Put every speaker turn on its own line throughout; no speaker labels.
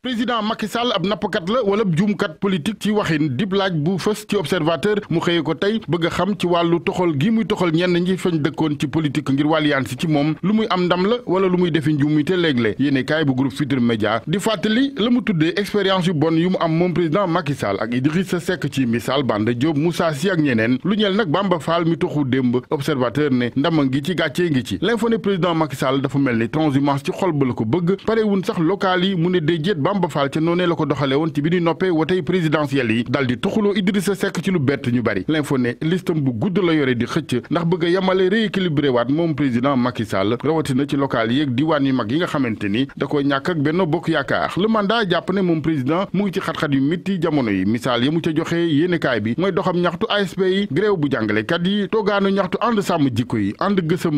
président Macky Sall ab nappkat la wala juumkat politique ci waxin dib laaj bu fës ci observateur mu xëyee ko tey bëgg xam ci wàllu toxal gi muy toxal ñenn ñi fañ dëkkoon ci politique ngir wàlliyaan si ci moom lu muy am ndam la wala lu muy defi njuumite léeg-léeg yéene kaay bu groupe Futurs Médias di fàttali la mu tuddee expérience yu bon yu mu am moom président Macky Sall ak Idrissa Seck ci misaal Banda Diop Moussa Sy ak ñeneen lu ñeel nag Bamba Fall mi toxu démb observateur ne ndama ngi ci gàccee ngi ci l'info président Macky Sall dafa mel ni transhumance ci xol ba la ko bëgg parewun sax local yi mu ne déejeet Bamba Fall ca noonee la ko doxale woon ci bi ñuy noppee wotey présidentiel yi dal di tuxuloo Idrissa Seck ci lu bett ñu bari l'info ne listam bu gudd la yore di xëcc ndax bëgg a yemale rééquilibré waat moom président Macky rawatina ci local yi ak diwaan yu mag yi nga xamante ni da ko ñàkk ak benn bokk yaakaar le mandat jàpp ne moom président mu ngi ci xat-xat yu mitti jamono yi misaal ya mu ca joxe yéenekaay bi mooy doxam ñaxtu ASP yi gréew bu jàngalekat yi toogaanu ñaxtu ànd sàmm jikko yi ànd gësëm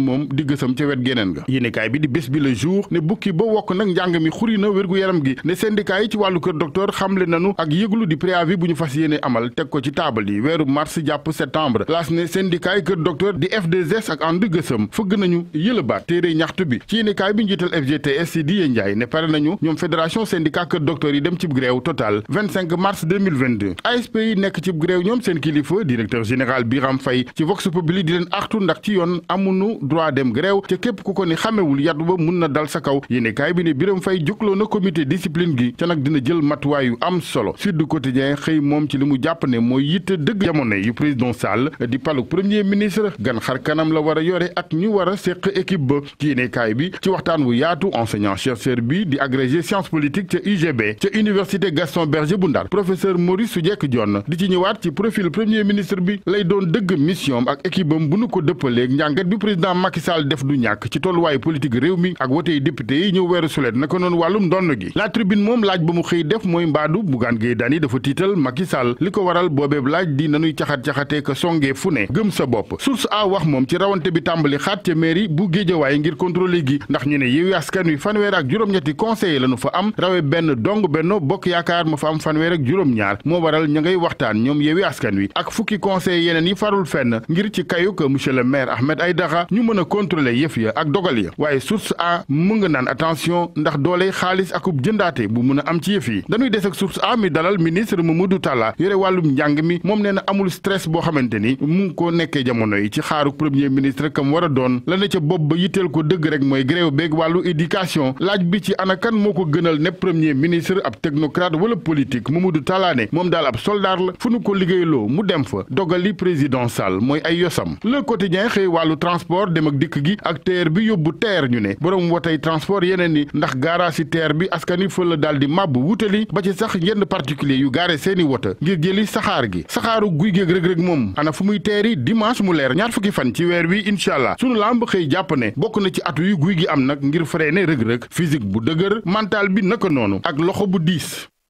bi di bés bi le jour syndicat yi ci wàllu kër docteur xamle nanu ak yëglu di préavis bu ñu fas yéene amal teg ko ci taabal yi weeru mars jàpp septembre laas ne syndicat yi kër docteur di f ak ànd gësëm fëgg nañu yëlëbaat téere ñaxtu bi ci yéenekaay bi njiital FGTS si Diye Ndiaye ne pare nañu ñoom fédération syndicat kër docteur yi dem ci grève total 25 mars 2022 ASP yi nekk cib grève ñoom seen kilifa directeur général Biram Faye ci Vox Populi di leen axtu ndax ci yoon amunu droit dem grève te képp ku ko ni xamewul yàddu ba mun na dal sa kaw njëlbeen ca nag dina jël matuwaay yu am solo Sud Quotidien xëy moom ci li mu jàpp ne mooy yitte dëgg jamono yu président Sall di palu premier ministre gan xar kanam la war a yore ak ñu war a seq équipe ba ci yéenekaay bi ci waxtaan wu yaatu enseignant chercheur bi di agrégé science politique ca UGB ca université Gaston Berger bu Ndar professeur Maurice Soudieck Dione di ci ñëwaat ci profil premier ministre bi lay doon dëgg mission ak équipe bam bu nu ko dëppaleek njàngat bi président Macky Sall def du ñàkk ci tolluwaayu politique réew mi ak wotey député yi ñëw weeru sulet naka noonu wàllum ndonn gi tribune moom laaj ba mu xëy def mooy mbaadu Bougane Gueye Dany dafa tiital Macky Sall li ko waral boobeeb laaj di nanuy caxat-caxatee ko songee fu ne gëm sa bopp source a wax moom ci rawante bi tàmbali xaat ca mairie bu Guédiawaye ngir contrôler gi ndax ñu ne Yewwi Askan Wi fanweer ak juróom-ñetti conseiller lañu fa am rawe benn dong benn Bokk Yaakaar ma fa am fanweer ak juróom-ñaar moo waral ña ngay waxtaan ñoom Yewwi Askan Wi ak fukki conseiller yeneen yi farul fenn ngir ci kayuk monsieur le maire Ahmed Aïdara ñu mën a contrôler yëf ak dogal ya waaye source a mu nga naan attention ndax dooley xaalis akub jëndaate bu mun a am ci yëf yi dañuy des ak source a mi dalal ministre Mamadou Talla yore wàllum njàng mi moom nee amul stress boo xamante ni mu ngi koo nekkee jamono yi ci xaaru premier ministre kam war a doon la ne ca bopp ba yitteel ko dëgg rek mooy gréew beeg wàllu éducation laaj bi ci ana moo ko gënal ne premier ministre ab technocrate wala politique Mamadou Talla ne moom daal ab soldaar la fu nu ko liggéeyloo mu dem fa dogali président Sall mooy daal di màbb wutali ba ci sax yenn particulier yu gaare seeni woto ngir jëli saxaar gi saxaaru guy géeg rëg-rëg moom ana fu muy teeri dimanche mu leer ñaar fukki fan ci weer wi incha allah sunu lamb xëy jàpp ne bokk na ci atu yu guy gi am nag ngir freiner rëg-rëg physique bu dëgër mental bi naka noonu ak loxo bu diis